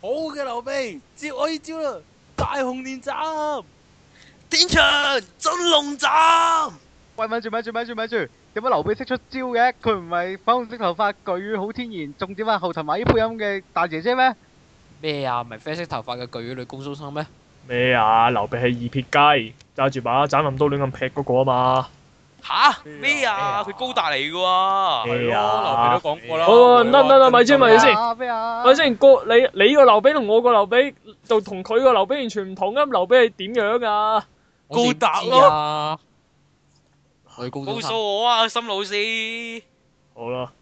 好嘅，劉備接我一招啦！大紅蓮斬，天長真龍斬。喂咪住！咪住！咪住！咪住！點解劉備識出招嘅？佢唔係粉紅色頭髮巨乳好天然，重點係後頭買啲配音嘅大姐姐咩？咩啊？唔係啡色頭髮嘅巨乳女高中生咩？咩啊？劉備係二撇雞，揸住把斬林刀亂咁劈嗰個啊嘛！吓咩啊？佢高達嚟噶喎。係啊，劉備都講過啦。好，嗱嗱嗱，咪先咪先。咩啊？咪先，哥，你你個劉備同我個劉備就同佢個劉備完全唔同啊！劉備係點樣噶？高達咯。係高達。告訴我啊，心老師。好啦，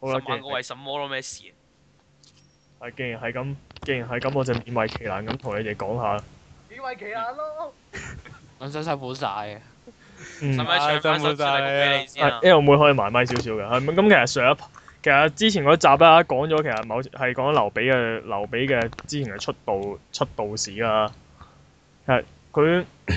好啦。關我為什麼咯，咩事啊？係，既然係咁，既然係咁，我就勉為其難咁同你哋講下。勉為其難咯。我真真補晒。係，因為我會可以埋咪少少嘅。係咁，其實上一其實之前嗰集啦、啊，講咗其實某係講劉備嘅劉備嘅之前嘅出道出道史啊。係佢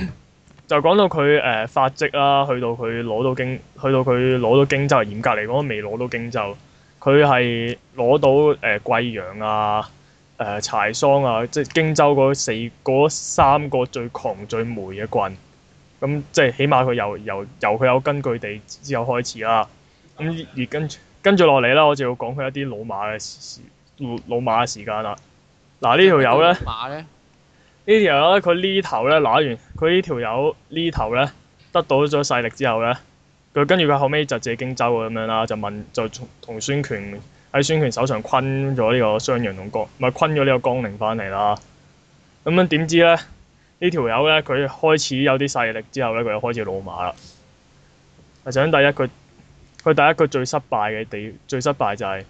就講到佢誒發跡啦，去到佢攞到荊，去到佢攞到荊州，嚴格嚟講未攞到荊州。佢係攞到誒、呃、貴陽啊、誒、呃、柴桑啊，即係荊州嗰四嗰三,三個最狂最霉嘅郡。咁、嗯、即係起碼佢由由由佢有根據地之後開始啦。咁、嗯、而跟跟住落嚟啦，我就要講佢一啲老馬嘅時老老馬嘅時間啦。嗱、啊，這個、呢條友咧，呢條友咧，佢呢頭咧嗱完，佢、這個、呢條友呢頭咧得到咗勢力之後咧，佢跟住佢後屘就借荊州咁樣啦，就問就同孫權喺孫權手上昆咗呢個襄陽龍哥，咪昆咗呢個江陵翻嚟啦。咁樣點知咧？呢條友呢，佢開始有啲勢力之後呢，佢又開始老馬啦。或者第一佢，佢第一佢最失敗嘅地，最失敗就係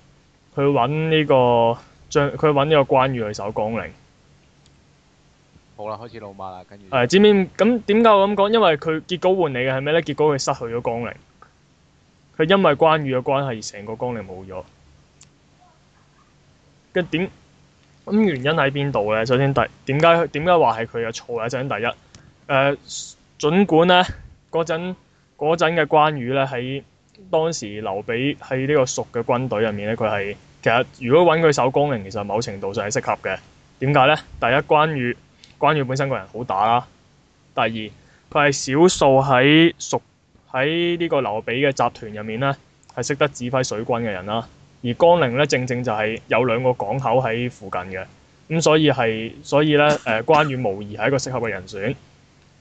佢揾呢個將，佢揾呢個關羽去守江陵。好啦，開始老馬啦，跟住。誒、哎，知唔知咁點解我咁講？因為佢結果換嚟嘅係咩呢？結果佢失去咗江陵。佢因為關羽嘅關係，成個江陵冇咗。跟住。咁原因喺邊度咧？首先第點解點解話係佢嘅錯咧？首先第一，誒、呃，儘管咧嗰陣嗰陣嘅關羽咧喺當時劉備喺呢個蜀嘅軍隊入面咧，佢係其實如果揾佢守江陵，其實某程度上係適合嘅。點解咧？第一，關羽關羽本身個人好打啦、啊。第二，佢係少數喺蜀喺呢個劉備嘅集團入面咧係識得指揮水軍嘅人啦、啊。而江陵咧，正正就係有兩個港口喺附近嘅，咁所以係，所以咧，誒、呃、關羽無疑係一個適合嘅人選。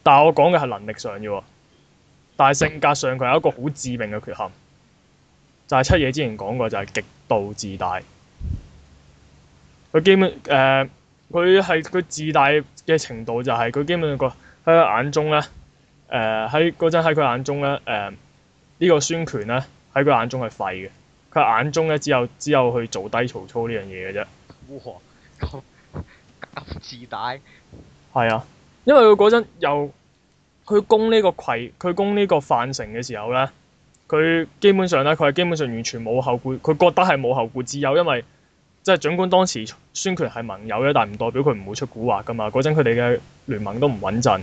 但係我講嘅係能力上嘅喎，但係性格上佢係一個好致命嘅缺陷，就係、是、七爺之前講過，就係極度自大。佢基本誒，佢係佢自大嘅程度就係、是、佢基本個喺佢眼中咧，誒喺嗰陣喺佢眼中咧，誒、呃這個、呢個孫權咧喺佢眼中係廢嘅。佢眼中咧，只有只有去做低曹操呢樣嘢嘅啫。哇、哦哦哦哦，自大。係啊，因為佢嗰陣又佢攻呢個葵，佢攻呢個樊城嘅時候咧，佢基本上咧，佢係基本上完全冇後顧，佢覺得係冇後顧之憂，因為即係、就是、儘管當時孫權係盟友嘅，但係唔代表佢唔會出古惑噶嘛。嗰陣佢哋嘅聯盟都唔穩陣，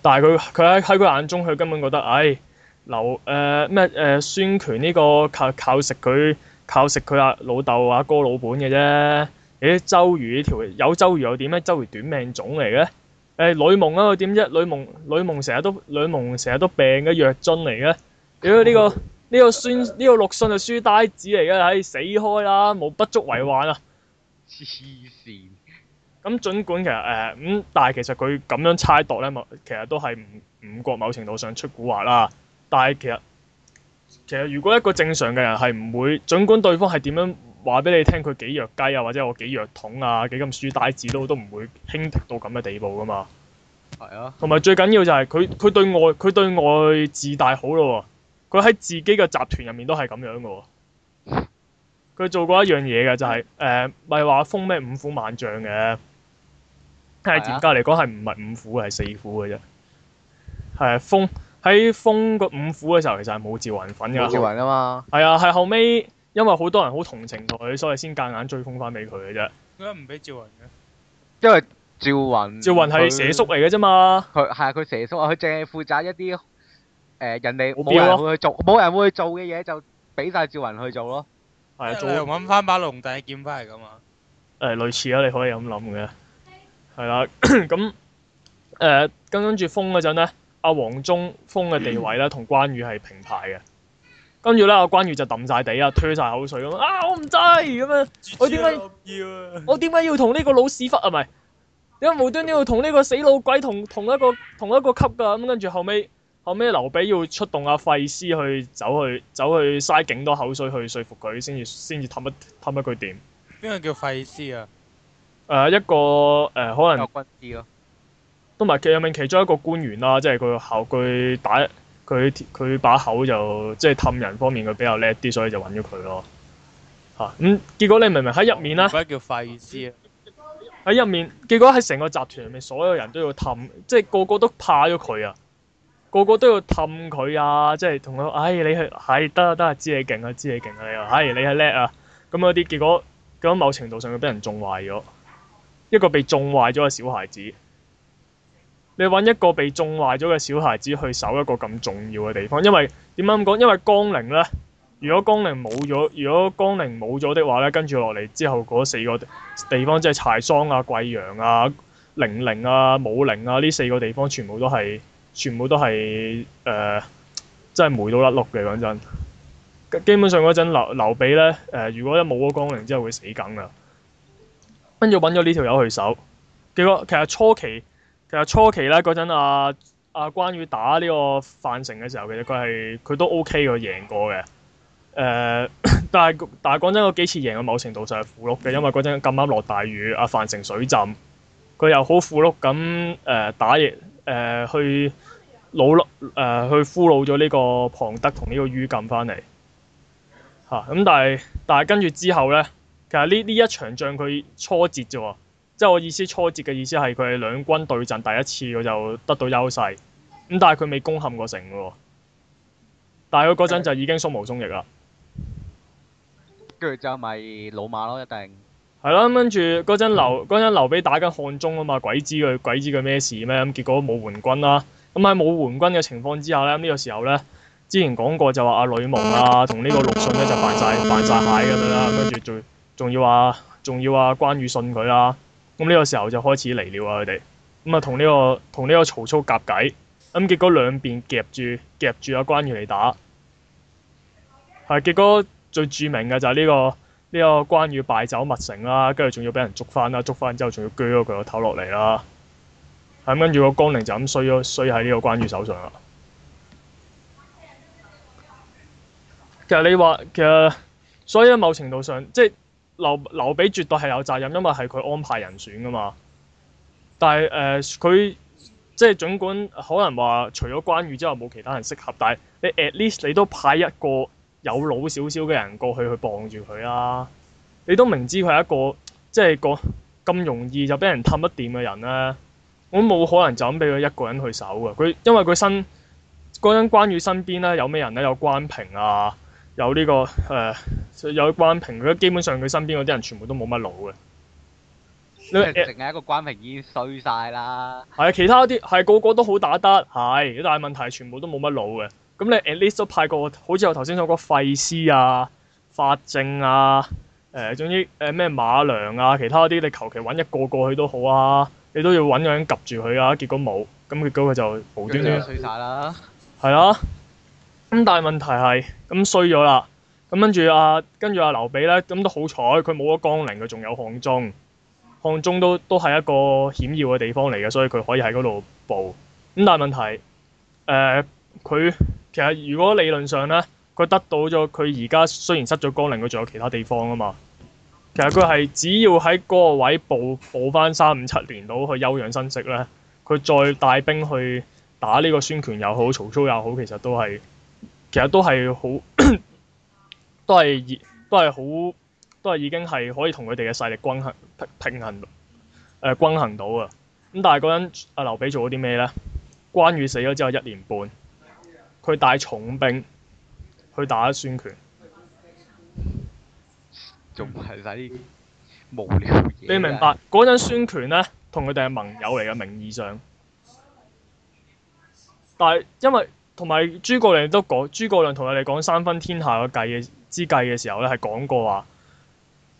但係佢佢喺喺佢眼中，佢根本覺得唉。哎劉誒咩誒？孫、呃呃、權呢、這個靠靠食佢靠食佢阿、啊、老豆阿、啊、哥老本嘅啫。咦、欸？周瑜呢條友周瑜又點咧？周瑜短命種嚟嘅。誒、呃，呂蒙啊，佢點啫？呂蒙呂蒙成日都呂蒙成日都病嘅藥樽嚟嘅。屌、這個，呢、這個呢、這個孫呢、呃、個陸遜就書呆子嚟嘅，唉、哎、死開啦，冇不足為患啊！黐線。咁儘管其實誒咁、呃，但係其實佢咁樣猜度咧，其實都係吳吳國某，某程度上出古惑啦。但係其實其實如果一個正常嘅人係唔會，儘管對方係點樣話俾你聽佢幾弱雞啊，或者我幾弱桶啊，幾咁書呆子都都唔會輕敵到咁嘅地步噶嘛。同埋、係啊、最緊要就係佢佢對外佢對外自大好咯喎，佢喺自己嘅集團入面都係咁樣嘅喎。佢做過一樣嘢嘅就係、是、誒、咪、呃、話封咩五虎萬將嘅，係嚴格嚟講係唔係五虎係四虎嘅啫，係、啊、封。喺封個五虎嘅時候，其實係冇趙雲份㗎。冇趙雲啊嘛。係啊，係後尾因為好多人好同情佢，所以先夾硬追封翻俾佢嘅啫。點解唔俾趙雲嘅？因為趙雲趙雲係蛇叔嚟嘅啫嘛。佢係啊，佢蛇叔啊，佢淨係負責一啲誒、呃、人哋冇人會去做，冇人會去做嘅嘢就俾晒趙雲去做咯。係啊，仲要揾翻把龍帝劍翻嚟㗎嘛？誒，類似啊，你可以咁諗嘅。係啦，咁誒的、 呃、跟跟住封嗰陣咧。阿黃忠峰嘅地位咧，同關羽係平排嘅。跟住咧，阿關羽就抌晒地啊，推晒口水咁啊！我唔制咁樣，我點解要？我點解要同呢個老屎忽啊？唔係，點解無端端要同呢個死老鬼同同一個同一個級㗎？咁跟住後尾，後尾劉備要出動阿費斯去走去走去嘥勁多口水去説服佢，先至先至氹一氹一句點？邊個叫費斯啊？誒、呃、一個誒、呃、可能。個軍師咯。同埋佢入面，其中一個官員啦，即係佢口佢打佢佢把口就即係氹人方面，佢比較叻啲，所以就揾咗佢咯嚇。咁結果你明唔明？喺入面啦，嗰啲叫廢資。喺入面，結果喺成個集團入面，所有人都要氹，即係個個都怕咗佢啊！個個都要氹佢啊！即係同佢話，唉，你係係得啊得啊，知你勁啊，知你勁啊，你啊，唉，你係叻啊！咁嗰啲結果，咁某程度上佢俾人縱壞咗一個被縱壞咗嘅小孩子。你揾一個被縱壞咗嘅小孩子去守一個咁重要嘅地方，因為點解咁講？因為江陵咧，如果江陵冇咗，如果江陵冇咗的話咧，跟住落嚟之後嗰四個地方，即係柴桑啊、貴陽啊、零陵啊、武陵啊，呢四個地方全部都係，全部都係誒、呃，真係霉到甩碌嘅講真。基本上嗰陣劉劉備咧，誒、呃、如果一冇咗江陵之後會死梗啊。跟住揾咗呢條友去守，結果其實初期。其實初期咧，嗰陣阿阿關羽打呢個樊城嘅時候，其實佢係佢都 O K 嘅，贏過嘅。誒、呃，但係但係講真，嗰幾次贏，佢某程度就係符碌嘅，因為嗰陣咁啱落大雨，阿、啊、樊城水浸，佢又好符碌咁誒打贏誒、呃、去老碌、呃、去俘虜咗呢個龐德同呢個于禁翻嚟。嚇、啊！咁但係但係跟住之後咧，其實呢呢一,一場仗佢初節咋喎。即係我意思，初戰嘅意思係佢係兩軍對陣第一次，佢就得到優勢。咁但係佢未攻陷過城嘅喎，但係佢嗰陣就已經鬆毛鬆翼啦。跟住就咪老馬咯，一定係咯。跟住嗰陣劉嗰陣，劉備打緊漢中啊嘛，鬼知佢鬼知佢咩事咩咁？結果冇援軍啦。咁喺冇援軍嘅情況之下呢，呢、呢個時候呢，之前講過就話阿呂蒙啊，同呢個陸遜呢就扮晒，扮晒蟹咁樣啦。跟住仲仲要話仲要話關羽信佢啦、啊。咁呢個時候就開始嚟了啊！佢哋咁啊，同呢個同呢個曹操夾計，咁結果兩邊夾住夾住阿關羽嚟打，係結果最著名嘅就係呢個呢個關羽敗走麥城啦，跟住仲要俾人捉翻啦，捉翻之後仲要鋸咗佢個頭落嚟啦，咁跟住個江陵就咁衰咗衰喺呢個關羽手上啦。其實你話其實，所以喺某程度上即係。劉劉備絕對係有責任，因為係佢安排人選噶嘛。但係誒，佢、呃、即係儘管，可能話除咗關羽之外冇其他人適合。但係你 at least 你都派一個有腦少少嘅人過去去傍住佢啊！你都明知佢係一個即係個咁容易就俾人氹得掂嘅人咧，我冇可能就咁俾佢一個人去守噶。佢因為佢身嗰陣、那個、關羽身邊咧有咩人咧？有關平啊。有呢、這個誒、呃，有關平，佢基本上佢身邊嗰啲人全部都冇乜腦嘅。因為成日一個關平已經衰晒啦。係啊、欸，其他啲係個個都好打得，係，但係問題全部都冇乜腦嘅。咁你 at least 都派個好似我頭先所講費師啊、法正啊、誒、欸、總之誒咩、欸、馬良啊，其他啲你求其揾一個過去都好啊，你都要揾樣及住佢啊。結果冇，咁結果佢就無端端衰晒啦。係啊。咁但係問題係咁衰咗啦。咁跟住阿、啊、跟住阿、啊、劉備呢，咁都好彩，佢冇咗江陵，佢仲有漢中。漢中都都係一個險要嘅地方嚟嘅，所以佢可以喺嗰度布。咁但係問題誒，佢、呃、其實如果理論上呢，佢得到咗佢而家雖然失咗江陵，佢仲有其他地方啊嘛。其實佢係只要喺嗰個位布布翻三五七年到去休養生息呢，佢再帶兵去打呢個孫權又好、曹操又好，其實都係。其實都係好， 都係已，都係好，都係已經係可以同佢哋嘅勢力均衡平，平衡，誒均衡到啊！咁但係嗰陣阿劉備做咗啲咩咧？關羽死咗之後一年半，佢帶重兵去打孫權，仲係啲無聊嘢、啊。你明白嗰陣孫權咧，同佢哋係盟友嚟嘅名義上，但係因為同埋諸葛亮都講，諸葛亮同我哋講三分天下嘅計嘅之計嘅時候咧，係講過話，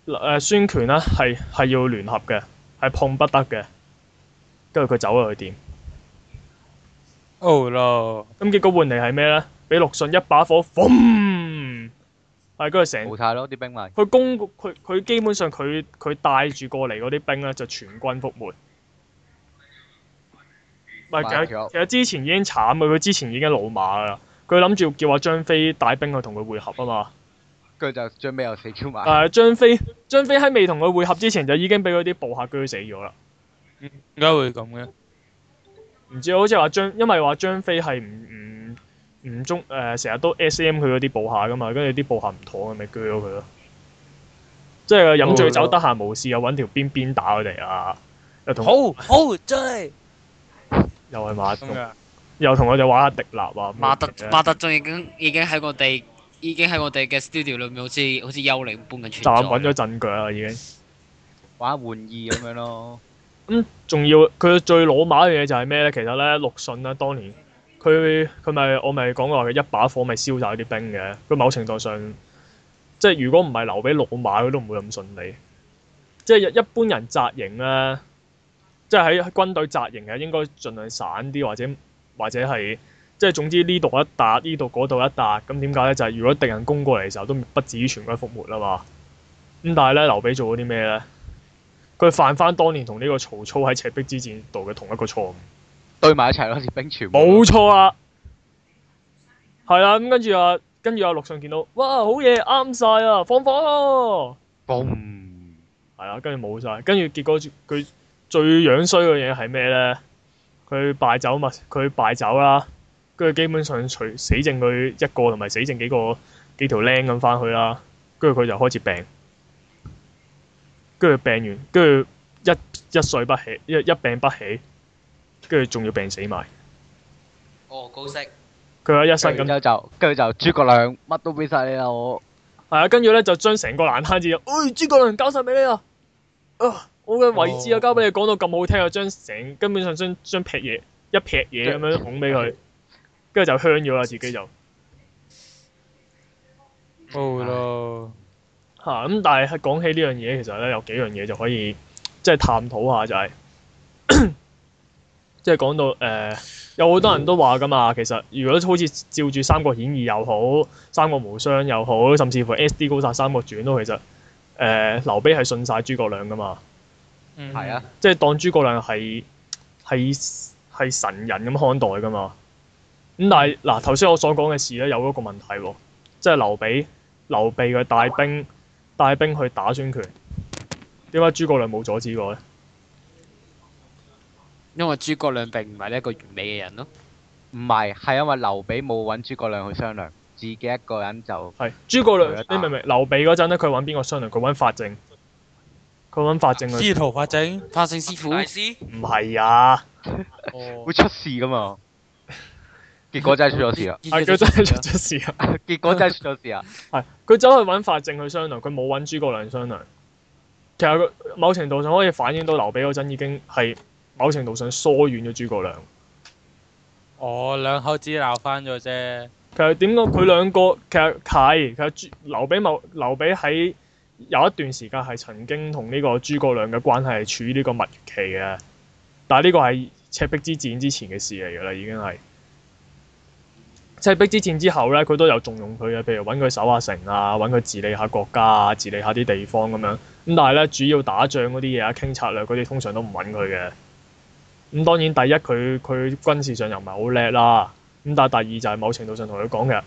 誒、呃，孫權咧，係係要聯合嘅，係碰不得嘅。跟住佢走咗佢點？哦咯。咁結果換嚟係咩咧？俾陸遜一把火，嘣！係跟住成。冇晒啲兵咪。佢攻，佢佢基本上佢佢帶住過嚟嗰啲兵咧，就全軍覆沒。唔係，其實其實之前已經慘嘅，佢之前已經老馬啦。佢諗住叫阿張飛帶兵去同佢會合啊嘛。佢就最尾又死咗埋。誒、呃，張飛張飛喺未同佢會合之前就已經俾嗰啲部下鋸死咗啦。點解、嗯、會咁嘅？唔知，好似話張，因為話張飛係唔唔唔中誒，成、呃、日都 SM 佢嗰啲部下㗎嘛，跟住啲部下唔妥咪鋸咗佢咯。即係、就是、飲醉酒的得閒無事又搵條鞭鞭打佢哋啊！好好真係。 又係馬忠，又同我哋玩下迪立啊！馬特德馬特忠已經已經喺我哋，已經喺我哋嘅 studio 裏面好，好似好似幽靈般嘅存在。站穩咗陣腳啦，已經。玩玩意咁樣咯。咁仲要佢最老馬嘅嘢就係咩咧？其實咧，陸遜啦、啊，當年佢佢咪我咪講過話，佢一把火咪燒晒啲兵嘅。佢某程度上，即係如果唔係留俾老馬，佢都唔會咁順利。即係一般人紮營咧。即係喺軍隊紮營嘅，應該盡量散啲，或者或者係，即係總之呢度一笪，呢度嗰度一笪，咁點解咧？就係如果敵人攻過嚟嘅時候，都不至於全軍覆沒啊嘛。咁但係咧，劉備做咗啲咩咧？佢犯翻當年同呢個曹操喺赤壁之戰度嘅同一個錯誤，對埋一齊咯，士兵全冇錯啊。係啦，咁跟住啊，跟住啊，陸遜見到，哇，好嘢，啱晒啊，放火咯，啊，嘣，係啦，啊，跟住冇晒，跟住，啊啊，結果佢。最樣衰嘅嘢係咩咧？佢敗走嘛，佢敗走啦。跟住基本上除死剩佢一個同埋死剩幾個幾條僆咁翻去啦。跟住佢就開始病，跟住病完，跟住一一睡不起，一一病不起，跟住仲要病死埋。哦，高息。佢話一生咁。跟住就，跟住就，諸葛亮乜都俾晒你啦！我係啊，跟住咧就將成個爛攤子，哎，諸葛亮交晒俾你啊！啊！我嘅位置又交俾你講到咁好聽，又將成根本上將將劈嘢一劈嘢咁樣拱俾佢，跟住就香咗啦。自己就都會咯咁。但係講起呢樣嘢，其實咧有幾樣嘢就可以即係、就是、探討下，就係即係講到誒、呃、有好多人都話噶嘛。其實如果好似照住《三國演義》又好，《三國無雙》又好，甚至乎《S. D. 高達三國傳》都其實誒、呃、劉備係信晒諸葛亮噶嘛。嗯，係啊，即係當諸葛亮係係係神人咁看待噶嘛，咁、嗯、但係嗱頭先我所講嘅事咧有嗰個問題喎，即係劉備劉備佢帶兵帶兵去打孫權，點解諸葛亮冇阻止過呢？因為諸葛亮並唔係一個完美嘅人咯，唔係係因為劉備冇揾諸葛亮去商量，自己一個人就係諸葛亮，你明唔明？劉備嗰陣呢，佢揾邊個商量？佢揾法正。佢搵法正去，司徒法正，法正師傅唔係啊，哦、 會出事噶嘛？結果真係出咗事啊！係佢真係出咗事啊！結果真係出咗事啊！係佢 走去搵法正去商量，佢冇揾諸葛亮商量。其實某程度上可以反映到劉備嗰陣已經係某程度上疏遠咗諸葛亮。哦，兩口子鬧翻咗啫。其實點講？佢兩個其實係，其實朱劉備某劉備喺。有一段時間係曾經同呢個諸葛亮嘅關係係處於呢個蜜月期嘅，但係呢個係赤壁之戰之前嘅事嚟㗎啦，已經係赤壁之戰之後咧，佢都有重用佢嘅，譬如揾佢守下城啊，揾佢治理下國家啊，治理下啲地方咁樣。咁但係咧，主要打仗嗰啲嘢啊，傾策略嗰啲，通常都唔揾佢嘅。咁、嗯、當然第一佢佢軍事上又唔係好叻啦。咁但係第二就係某程度上同佢講嘅，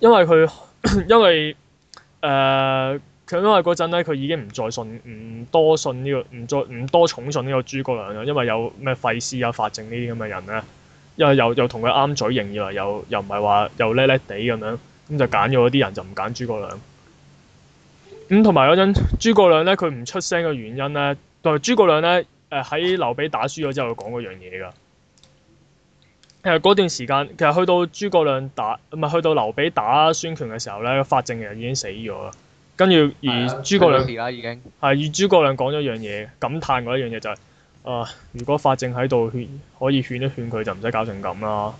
因為佢因為誒。呃佢因為嗰陣咧，佢已經唔再信，唔多信呢、呢個，唔再唔多重信呢個諸葛亮啦。因為有咩費事啊、法正呢啲咁嘅人咧，因為又又同佢啱嘴型啊，又又唔係話又叻叻哋咁樣，咁、嗯、就揀咗啲人，就唔揀諸葛亮。咁同埋嗰陣諸葛亮咧，佢唔出聲嘅原因咧，就係諸葛亮咧，誒、呃、喺劉備打輸咗之後講嗰樣嘢㗎。誒、呃、嗰段時間，其實去到諸葛亮打唔係去到劉備打孫權嘅時候咧，法正嘅人已經死咗啦。跟住而諸葛亮 而家已經係與諸葛亮講咗一樣嘢，感嘆嗰一樣嘢就係、是，啊、呃，如果法正喺度勸，可以勸一勸佢就唔使搞成咁啦。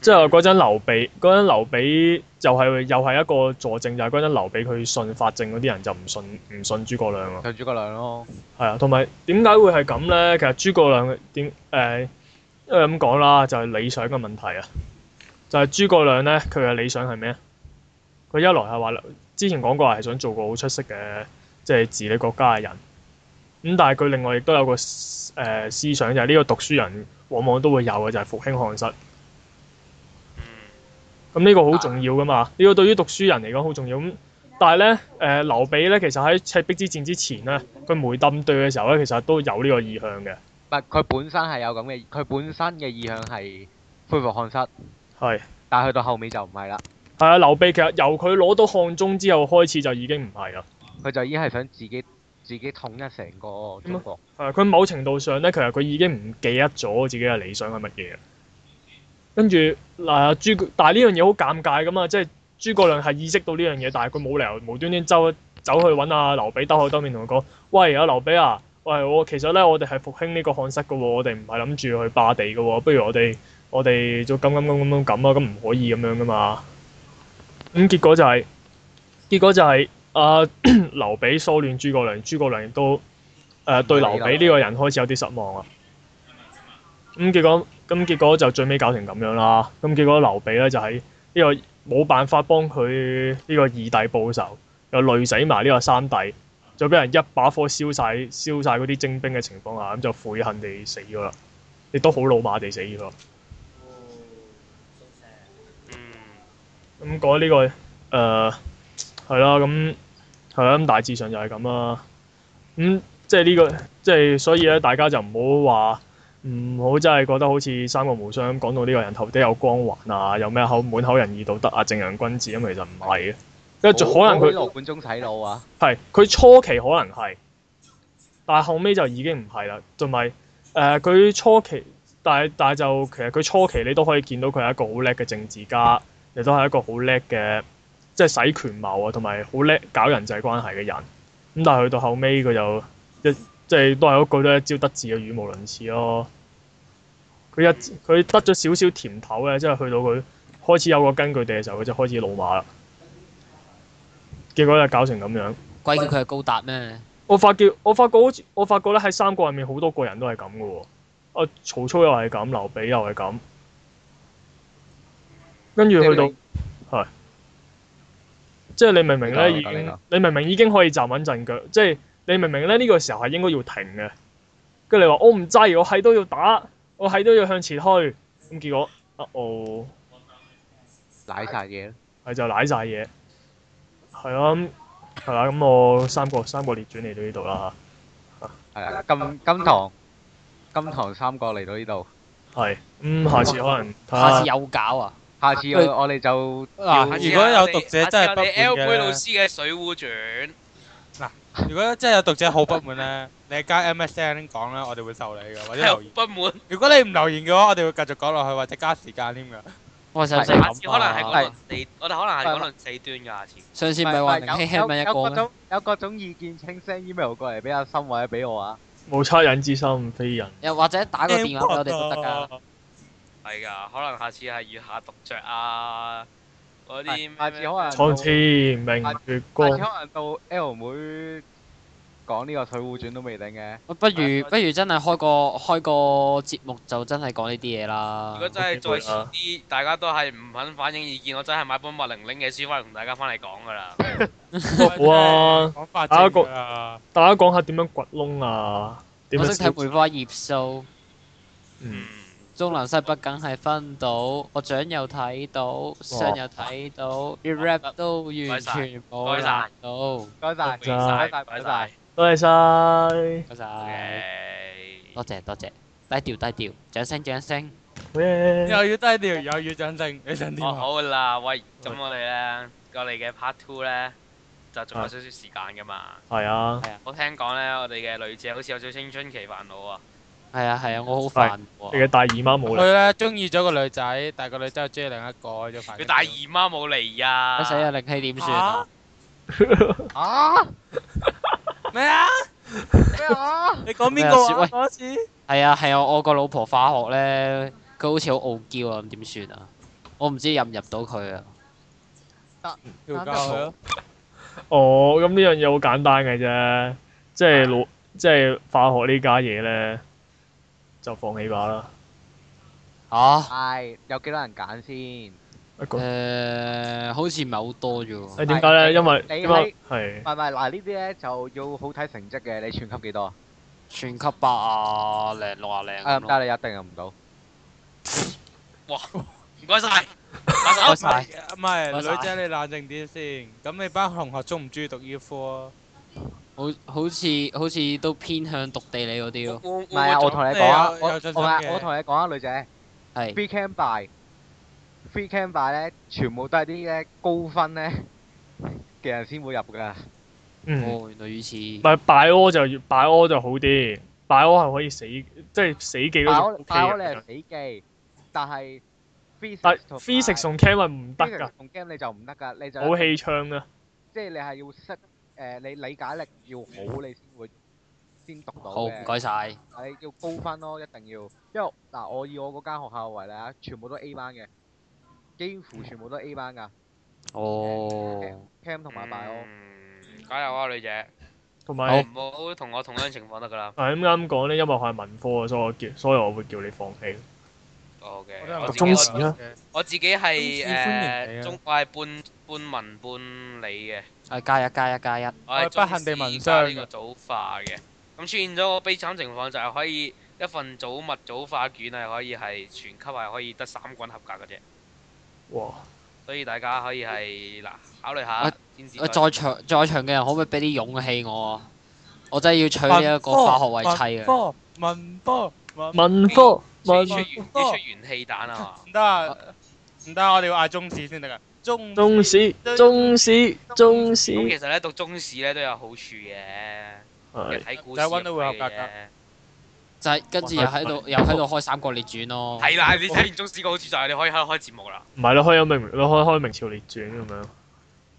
即係嗰陣劉備，嗰陣劉備就係、是、又係一個助證，就係嗰陣劉備佢信法正嗰啲人就唔信唔信諸葛亮啊。信諸葛亮咯。係啊，同埋點解會係咁咧？其實諸葛亮點誒、呃，因為咁講啦，就係、是、理想嘅問題啊。就係、是、諸葛亮咧，佢嘅理想係咩？佢一來係話之前講過係想做個好出色嘅即係治理國家嘅人，咁、嗯、但係佢另外亦都有個誒、呃、思想，就係呢個讀書人往往都會有嘅，就係、是、復興漢室。咁、嗯、呢、這個好重要㗎嘛？呢、這個對於讀書人嚟講好重要。咁但係咧，誒、呃、劉備咧，其實喺赤壁之戰之前咧，佢每冚對嘅時候咧，其實都有呢個意向嘅。唔係，佢本身係有咁嘅，佢本身嘅意向係恢復漢室。係是。但係去到後尾就唔係啦。係啊，劉備其實由佢攞到漢中之後開始就已經唔係啦。佢就已經係想自己自己統一成個佢、啊啊、某程度上咧，其實佢已經唔記得咗自己嘅理想係乜嘢。跟住嗱，諸、啊、但係呢樣嘢好尷尬噶嘛，即係諸葛亮係意識到呢樣嘢，但係佢冇理由無端端走走去搵阿劉備兜口兜面同佢講：喂阿劉、啊、備啊，喂我其實咧，我哋係復興呢個漢室噶，我哋唔係諗住去霸地噶，不如我哋我哋就咁咁咁咁咁咁咁唔可以咁樣噶嘛？咁結果就係，結果就係、是，阿、就是呃、劉備疏亂諸葛亮，諸葛亮亦都誒、呃、對劉備呢個人開始有啲失望啦。咁、嗯、結果，咁、嗯、結果就最尾搞成咁樣啦。咁結果劉備呢就、這個，就喺呢個冇辦法幫佢呢個二弟報仇，又累死埋呢個三弟，就俾人一把火燒晒，燒晒嗰啲精兵嘅情況下，咁就悔恨地死咗啦。亦都好老馬地死咗。咁、嗯、講呢、這個誒係、呃、啦，咁係啦，咁大致上就係咁啦。咁、嗯、即係呢、這個，即係所以咧，大家就唔好話唔好，真係覺得好似《三國無雙》咁講到呢個人頭頂有光環啊，有咩口，口滿口仁義道德啊，正人君子咁，其實唔係嘅。因為可能佢羅貫中睇到啊，係佢初期可能係，但係後尾就已經唔係啦。同埋誒，佢、呃、初期但係但係就其實佢初期你都可以見到佢係一個好叻嘅政治家。亦都係一個好叻嘅，即係使權謀啊，同埋好叻搞人際關係嘅人。咁但係去到後尾，佢就即係都係一句都一招得志嘅語無倫次咯。佢一佢得咗少少甜頭咧，即係去到佢開始有個根據地嘅時候，佢就開始老馬啦。結果就搞成咁樣。鬼叫佢係高達咩？我發覺，我發覺好似我發覺咧喺《三國》入面好多個人都係咁嘅喎。啊，曹操又係咁，劉備又係咁。跟住去到，係，即係你明明咧，嗯、明明已經你，你明明已經可以站穩陣腳，即係你明明咧呢個時候係應該要停嘅。跟住你話我唔制，我係都要打，我係都要向前開，咁結果啊哦，瀨晒嘢，係就瀨晒嘢，係啊，係啦、啊，咁我三國三國列傳嚟到呢度啦吓，係啊，啊，金金堂，金堂三國嚟到呢度，係，嗯，下次可能看看，下次有搞啊？下次我我哋就嗱，如果有讀者真係俾 LV 老師嘅《水滸傳》嗱，如果真係有讀者好不滿咧，你加 MSN 講啦，我哋會受理嘅，或者留言。不滿。如果你唔留言嘅話，我哋會繼續講落去，或者加時間添嘅。我上次咁啊。下次可能係講論四，我哋可能係講論四端嘅下次。上次咪話零七七蚊一個。有各種有各種意見，請 sendemail 過嚟比較心懷嘅俾我啊！冇惻隱之心非人。又或者打個電話俾我哋都得噶。係噶，可能下次係月下獨酌啊，嗰啲。下次可能。床前明月光。下次可能到 L 妹講呢個《水滸傳》都未定嘅。不如不如真係開個開個節目就真係講呢啲嘢啦。如果真係再遲啲，大家都係唔肯反映意見，我真係買本《麥玲玲》嘅書翻嚟同大家翻嚟講噶啦。哇！大家講，大家講下點樣掘窿啊？我識睇梅花易數。嗯。中南西北梗係分到，我獎又睇到，相又睇到，啲 rap 都完全冇難到。開曬。開曬。開曬。開曬。多謝曬。多謝。多謝多謝。低調低調，掌聲掌聲。好嘅。又要低調，又要掌聲，你上啲。哦，好啦，喂，咁我哋咧，我哋嘅 part two 咧，就仲有少少時間㗎嘛。係啊。係啊。我聽講咧，我哋嘅女仔好似有少少青春期煩惱啊。係啊，係啊，我好煩佢嘅大姨媽冇嚟。佢咧中意咗個女仔，但個女仔又中意另一個，咁就煩。佢大姨媽冇嚟啊！阿 Sir，靈氣點算啊？啊咩啊咩啊？你講邊個啊？喂，嗰次係啊係我我個老婆化學咧，佢好似好傲嬌啊，咁點算啊？我唔知入唔入到佢啊。哦，咁呢樣嘢好簡單嘅啫，即係老即係化學呢家嘢咧。就放棄吧啦。啊，係有幾多人揀先？誒，好似唔係好多啫喎。誒，點解咧？因為你係係唔係唔係嗱？呢啲咧就要好睇成績嘅。你全級幾多？全級八啊零六啊零。誒，唔得，你一定入唔到。哇！唔該晒。唔該晒。唔係女仔，你冷靜啲先。咁你班同學中唔中意讀醫科啊？好好似好似都偏向讀地理嗰啲咯。唔係啊，我同你講啊，我唔係我同你講啊，女仔係。Free camp by，Free camp by 咧，全部都係啲咧高分咧嘅人先會入噶。嗯。哦，原來如此。咪擺屙就越擺屙就好啲，擺屙係可以死，即係死記嗰種。擺擺屙你係死記，但係。但 physics 同 camp 咪唔得噶。同 game 你就唔得噶，你就。好氣場啊！即係你係要識。誒，你理解力要好，你先會先讀到嘅。好，唔該晒。你要高分咯，一定要。因為嗱，我以我嗰間學校為例，全部都 A 班嘅，幾乎全部都 A 班噶。哦。Cam 同埋埋我。唔加油啊，女仔！同埋唔好同我同樣情況得噶啦。係咁啱講呢，因為我係文科啊，所以我叫，所以我會叫你放棄。好嘅。讀中史啦。我自己係誒，中我係半。半文半理嘅，係加一加一加一。不幸被文商呢個組化嘅，咁出現咗個悲慘情況就係可以一份組物組化卷啊，可以係全級係可以得三個人合格嘅啫。哇！所以大家可以係嗱考慮下，在場在場嘅人可唔可以俾啲勇氣我？我真係要取呢一個化學位砌嘅。文科文科文科文科，要出元要出元氣彈啊！唔得啊！唔得，我哋要嗌中子先得噶。中史、中史、中史，咁其實咧讀中史咧都有好處嘅，一睇古仔，一溫都會合格嘅。就係跟住又喺度又喺度開三國列傳咯。係啦，你睇完中史個好處就係你可以開開節目啦。唔係咯，可以有明，可以開明朝列傳咁樣。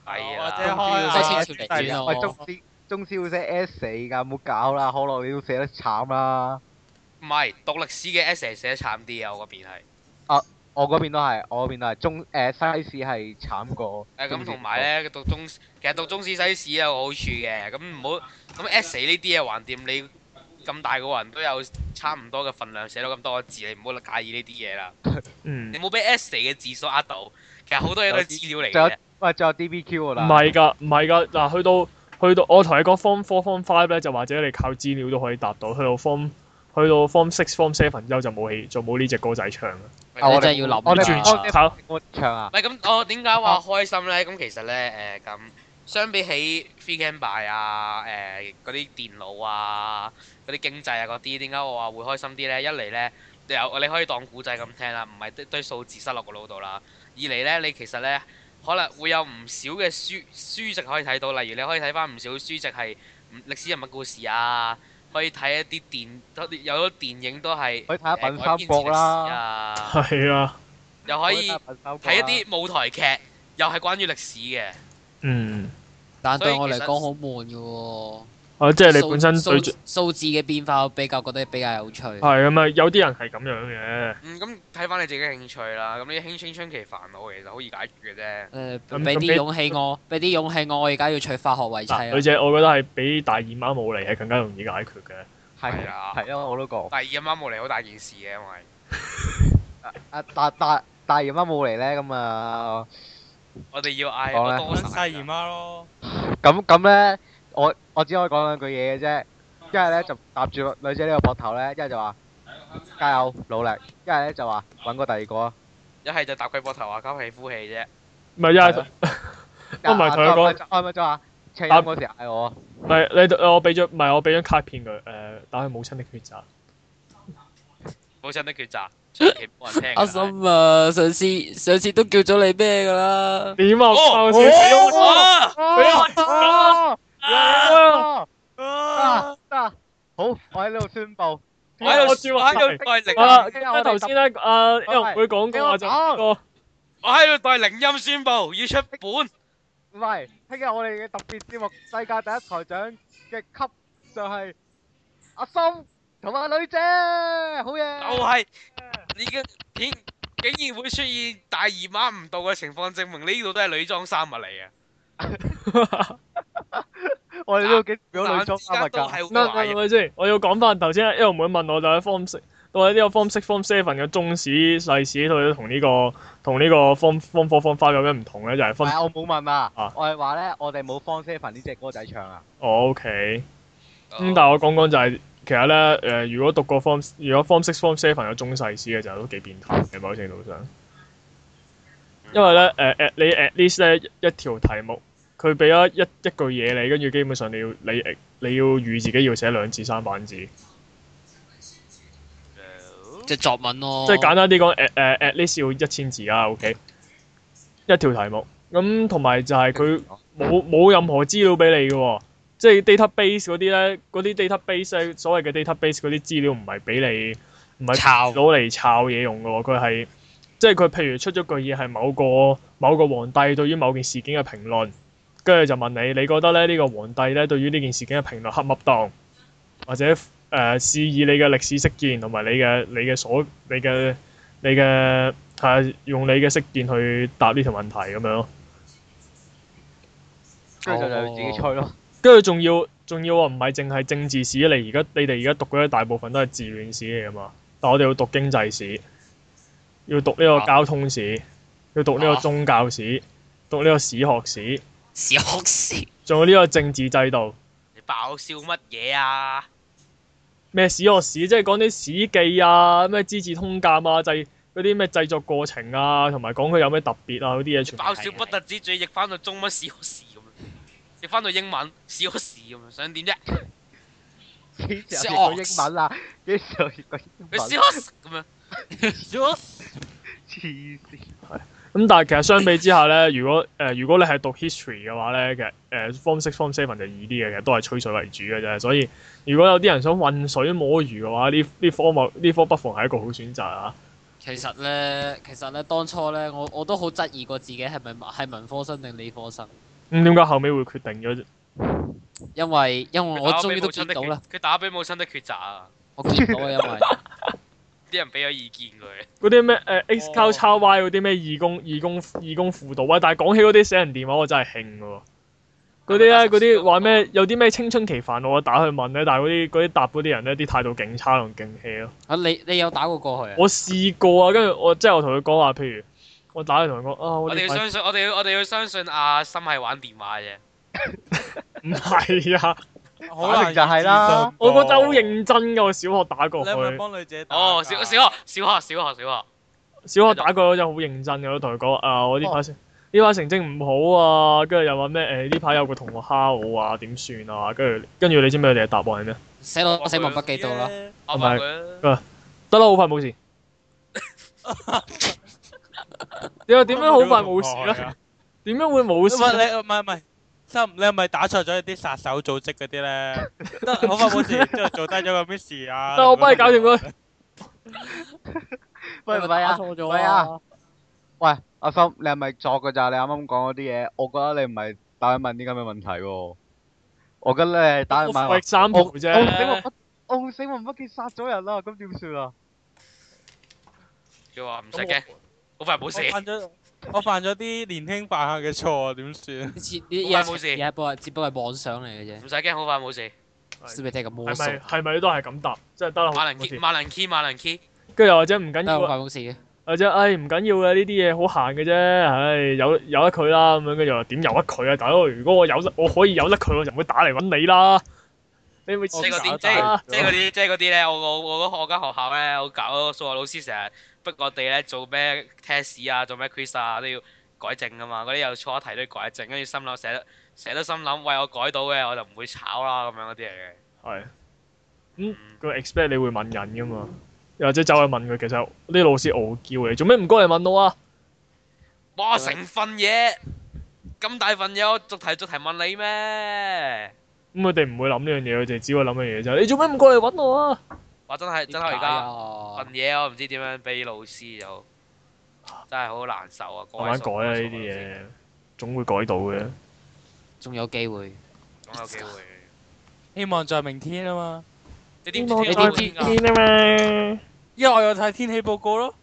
係啊，即係寫歷史。喂，中史中史會寫 essay 噶，唔好搞啦，好耐你都寫得慘啦。唔係讀歷史嘅 essay 寫得慘啲啊，我嗰邊係。我嗰邊都係，我嗰邊都係中，誒西史係慘過。誒咁同埋咧，讀中，其實讀中史西史有好處嘅，咁唔好咁 essay 呢啲嘢，橫掂你咁大個人都有差唔多嘅份量寫到咁多個字，你唔好介意呢啲嘢啦。嗯。你冇俾 essay 嘅字數壓到，其實好多嘢都係資料嚟嘅。喂，仲有 DBQ 啊啦。唔係㗎，唔係㗎，嗱，去到去到，我同你講 form four form five 咧，就或者你靠資料都可以答到，去到 form。去到 form six form seven 之後就冇戲，就冇呢隻歌仔唱啦。哦。我真係要諗，我轉場。我唱啊！唔咁，我點解話開心咧？咁其實咧，誒、呃、咁相比起 free game buy 啊，誒嗰啲電腦啊，嗰啲經濟啊嗰啲，點解、啊、我話會開心啲咧？一嚟咧，你有你可以當古仔咁聽啦，唔係堆堆數字塞落個腦度啦。二嚟咧，你其實咧可能會有唔少嘅書書籍可以睇到，例如你可以睇翻唔少書籍係歷史人物故事啊。可以睇一啲電，有啲電影都係可以睇《品三國》啦，係啊，又、啊、可以睇一啲舞台劇，又係關於歷史嘅。嗯，但對我嚟講好悶㗎喎。啊、即係你本身對數數，數字嘅變化，我比較覺得比較有趣。係啊啊，有啲人係咁樣嘅，嗯嗯。嗯，咁睇翻你自己興趣啦。咁呢青春期煩惱其實好易解決嘅啫。誒，俾啲勇氣我，俾啲，嗯、勇，勇氣我，我而家要取化學為妻，啊。女仔，我覺得係比大姨媽冇嚟係更加容易解決嘅。係啊，係，啊啊、因為我都講。大姨媽冇嚟好大件事嘅，因為阿大大大姨媽冇嚟咧，咁啊，我哋要嗌大姨媽咯。咁咁咧？我我只可以講兩句嘢嘅啫，一係咧就搭住個女仔呢個膊頭咧，一係就話加油努力，一係咧就話搵個第二個，一係就搭佢膊頭話吸氣呼氣啫。唔係一係就，唔係同佢講。我唔係做下，阿心嗰時嗌我。唔係你，我俾咗唔係我俾張卡片佢，誒、呃，打佢母親的抉擇。母 親的抉擇，出奇冇人聽。 阿心啊，上次上次都叫咗你咩噶啦？點 salsa 啊？啊啊啊 啊啊啊！好，我喺呢度宣布，我喺度笑話要定啊！頭先咧，誒，會講嘅話就我喺度帶鈴音宣布，要出本。唔係，聽日我哋嘅特別節目，世界第一台長嘅級就係阿松同阿女姐，好嘢。就係已經，竟然會出現大姨媽唔到嘅情況，證明呢度都係女裝生物嚟嘅。 我哋、啊、都幾，表哋而家都係好壞嘅。係咪我要講翻頭先，一路每問我就喺、是、form 我喺呢個方式，form seven 嘅中史世史，到底同呢個同呢個 form four form five 有咩唔同呢？就係、是、分。唔係，我冇問嘛。啊，我係話咧，我哋冇 form seven 呢隻歌仔唱啊。哦，OK、oh. 嗯。咁但係我講講就係、是，其實咧，誒、呃，如果讀過 form 如果 form six form seven 嘅中世史嘅就都幾變態嘅某種程度上。因為咧，誒、啊、誒，你 at, at least 咧一條題目。佢俾咗一一句嘢你，跟住基本上你要你你要預自己要寫兩至三版紙，字即係作文咯、哦。即係簡單啲講，誒誒誒，at least 要一千字啊，OK。 一條題目咁，同埋就係佢冇冇任何資料俾你嘅喎、哦，即係 database 嗰啲咧，嗰啲 database 所謂嘅 database 嗰啲資料唔係俾你唔係到嚟抄嘢用嘅喎、哦，佢係即係佢譬如出咗句嘢係某個某個皇帝對於某件事件嘅評論。跟住就問你，你覺得咧呢、這個皇帝咧對於呢件事件嘅評論恰唔恰當？或者誒，試、呃、以你嘅歷史識見同埋你嘅你嘅所你嘅你嘅係用你嘅識見去答呢條問題咁樣。跟住咯。跟住仲要仲要，話唔係淨係政治史嚟。而家你哋而家讀嗰啲大部分都係治亂史嚟噶嘛？但我哋要讀經濟史，要讀呢個交通史，要讀呢個，個宗教史，讀呢個史學史。史學史，仲有呢個政治制度。你爆笑乜嘢啊？咩史學史？即係講啲史記啊，咩資治通鑑啊，製嗰啲咩製作過程啊，同埋講佢有咩特別啊嗰啲嘢。全部爆笑不特止，譯翻到中文史學史咁樣，譯翻到英文史學史咁樣，想點啫？你笑英文啊？你笑英文？你史學史咁樣？史學？ 黐咁但係其實相比之下咧，如果誒、呃、如果你係讀 history 嘅話咧，其實誒、呃、form six form seven 就易啲嘅，其實都係吹水為主嘅啫。所以如果有啲人想混水摸魚嘅話，呢呢科目呢科不妨係一個好選擇啊。其實咧，其實咧，當初咧，我我都好質疑過自己係咪係文科生定理科生。咁點解後尾會決定咗？因為因為，因為我終於都見到啦，佢打俾母親的抉擇啊！擇我見到啊，因為。 啲人俾咗意見佢。嗰啲咩誒 X c 叉 Y 嗰啲咩義工義工義工輔導喂，但係講起嗰啲死人電話我、啊，我真係興喎。嗰啲咧，嗰啲話咩有啲咩青春期煩惱啊，打去問咧，但係嗰啲嗰啲答嗰啲人咧，啲態度勁差同勁 hea 咯。啊、oh，你你有打過過去啊？我試過啊，跟住我即係我同佢講話，譬如我打去同佢講啊。我哋要相信我哋要我哋要，要相信阿、啊、心係玩電話嘅。唔係 啊。 可能就係啦，我覺得好認真噶，我小學打過佢，你唔幫女仔打？哦，小小學小學小學小學小學打過嗰陣好認真嘅。我同佢講啊，我呢排成呢排成績唔好啊，跟住又話咩誒呢排有個同學蝦我啊，點算啊？跟住跟住你知唔知佢哋嘅答案係咩？寫落我寫文筆記度啦，阿文得啦，好快冇事。你話點樣好快冇事咧？點樣會冇事？唔係唔係唔係。心，你係咪打錯咗啲殺手組織嗰啲咧？得，好快冇事，之後做低咗個 miss 啊！得，我幫你搞掂佢，不如唔係啊？喂，阿心，你係咪作噶咋？你啱啱講嗰啲嘢，我覺得你唔係打問啲咁嘅問題喎。我今日打唔埋我三號啫。我死我屋企殺咗人啦，咁點算啊？佢話唔使嘅，好快冇事。我犯咗啲年輕犯下嘅錯啊，點算啊？冇事在， 只不過只不過係妄想嚟嘅啫。唔使驚，好快冇事。係咪都係咁答？即係得啦。馬林 key，馬林 key，馬林 key。跟住又或者唔緊要或者唉，唔緊要嘅呢啲嘢，好閒嘅啫。唉、哎，有有得佢啦，咁樣跟住又話點有得佢啊？大佬，如果我有得，我可以有得佢，我就唔會打嚟揾你啦。即係嗰啲，即係嗰啲咧。我我我嗰我間學校咧，好搞數學老師成日逼我哋咧做咩 test 啊，做咩 quiz 啊，都要改正噶嘛。嗰啲又錯一題都要改正，跟住心諗寫得寫得心諗，喂，我改到嘅，我就唔會炒啦。咁樣嗰啲嚟嘅。係。咁個 expect 你會問人噶嘛？又或者走去問佢，其實啲老師傲嬌嘅，做咩唔過嚟問我啊？哇，成份嘢咁大份嘢，我逐題逐題問你咩？咁佢哋唔會諗呢樣嘢，佢哋只會諗嘅嘢就係你做咩唔過嚟搵我啊？話真係真係而家份嘢，我唔知點樣俾老師就，真係好難受啊！慢慢改啊呢啲嘢，總會改到嘅，仲有機會，仲有機會，希望在明天啊嘛？你點知明天啊嘛？因為我有睇天氣報告咯。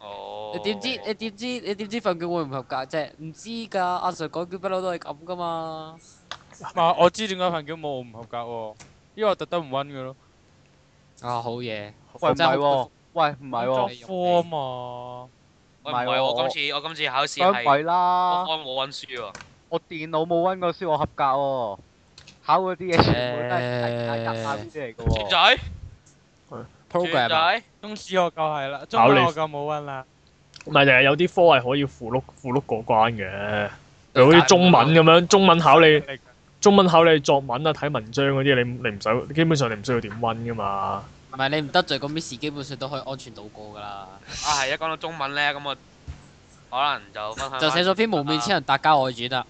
哦。你點知？你點知？你點知份卷會唔合格啫？唔知噶，阿 Sir 改卷不嬲都係咁噶嘛。唔係，我知點解份卷冇我唔合格喎，因為我特登唔温㗎咯。啊，好嘢，唔係喎，喂，唔係喎，科啊嘛，唔係我今次我今次考試係，唔係啦，我冇温書喎，我電腦冇温過書，我合格喎，考嗰啲嘢全部都係夾硬書嚟嘅喎。僆仔，僆仔，中史我夠係啦，中史我夠冇温啦。唔係，就係有啲科係可以符碌符碌過關嘅，就好似中文咁樣，中文考你。中文考你作文啊，睇文章嗰啲，你你唔使，基本上你唔需要點温噶嘛。唔係你唔得罪個 Miss 基本上都可以安全度過噶啦。啊，係一講到中文咧，咁我可能就分享就寫咗篇《無面超人打交外，外傳》得、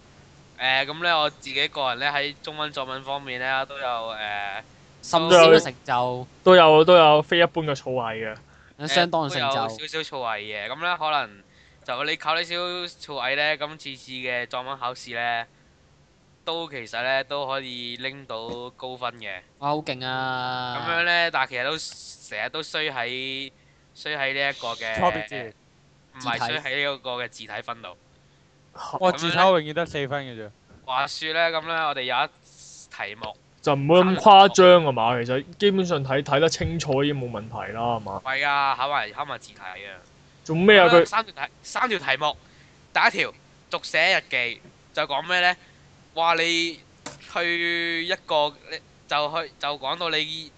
呃。誒，咁咧我自己個人咧喺中文作文方面咧都有誒，呃、都有小小嘅成就。都有都有非一般嘅粗位嘅。呃、相當成就少少粗位嘅。咁咧可能就你靠呢少粗位咧，咁次次嘅作文考試咧。都其實咧都可以拎到高分嘅，哇好勁啊！咁樣咧，但係其實都成日都衰喺衰喺呢一個嘅，唔係衰喺呢個嘅字體分度。我字體我永遠得四分嘅啫。話説咧，咁咧我哋有一題目，就唔會咁誇張啊嘛。其實基本上睇睇得清楚已經冇問題啦，係嘛？係啊，考埋考埋字體啊！做咩啊佢？三條題，三條題目。第一條讀寫日記，就講咩咧？哇！你去一個你就去就講到你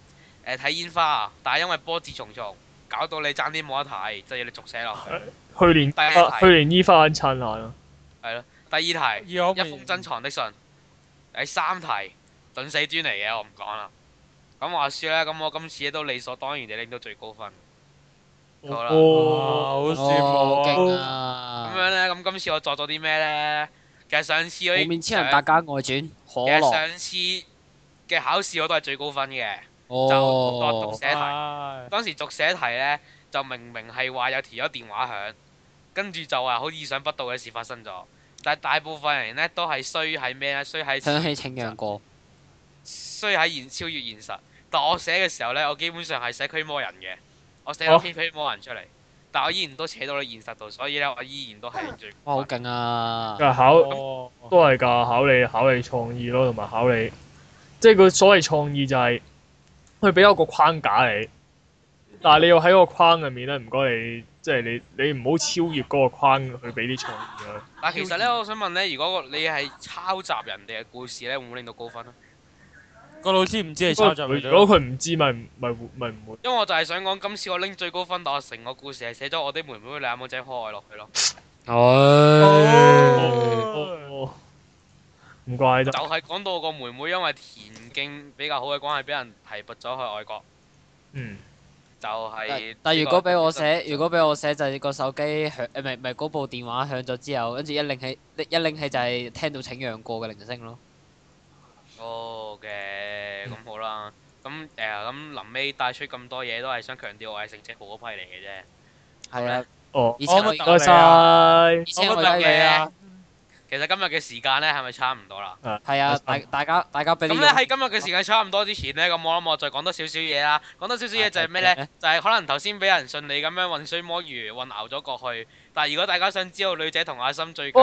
誒睇煙花，但係因為波折重重，搞到你爭啲冇得睇，就要你續寫落去。去年，第一題去年煙花燦爛咯。係咯，第二題我一封珍藏的信。第三題等死磚嚟嘅，我唔講啦。咁話說咧，咁我今次都理所當然地拎到最高分。好、啊哦、哇！好羨慕啊！咁樣咧，咁今次我作咗啲咩咧？其實上次我《幪面超人：打家外傳》，其實上次嘅考試我都係最高分嘅，哦、就讀寫題。哎、當時讀寫題呢，就明明係話有調咗電話響，跟住就話好意想不到嘅事發生咗。但係大部分人呢，都係衰喺咩咧？衰喺想起青陽哥，衰喺超越現實。但我寫嘅時候呢，我基本上係寫驅魔人嘅，我寫咗篇驅魔人出嚟。哦。但我依然都扯到你現實度，所以咧我依然都係哇，好勁啊！考都係㗎，考你考你創意咯，同埋考你，即係佢所謂創意就係佢俾一個框架你，但係你要喺個框入面咧，唔該你，即係你你唔好超越嗰個框去俾啲創意啦。但其實咧，我想問咧，如果你係抄襲人哋嘅故事咧，會唔會令到高分啊？個老師唔知係抄襲咪？如果佢唔知咪咪會咪唔會？因為我就係想講，今次我拎最高分，但係成個故事係寫咗我啲妹妹兩眼冇仔可愛落去咯。哦，唔怪得。就係講到個妹妹因為田徑比較好嘅關係，俾人提拔咗去外國。嗯，就係。但係如果俾我寫，如果俾我寫就係個手機響，誒，唔係唔係嗰部電話響咗之後，跟住一拎起一拎起就係聽到請讓過嘅鈴聲咯。哦嘅，咁、okay, 好啦。咁誒，咁臨尾帶出咁多嘢，都係想強調我係食隻好批嚟嘅啫。係啊，哦，而唔該曬，唔該曬。其實今日嘅時間咧，係咪差唔多啦？係啊，嗯、啊，大家大家大家俾。咁咧喺今日嘅時間差唔多之前呢，咁我諗我再講多少少嘢啦。講多少少嘢就係咩呢？就係、是、可能頭先俾人順利咁樣混水摸魚混牛咗過去。但係如果大家想知道女仔同阿心最近，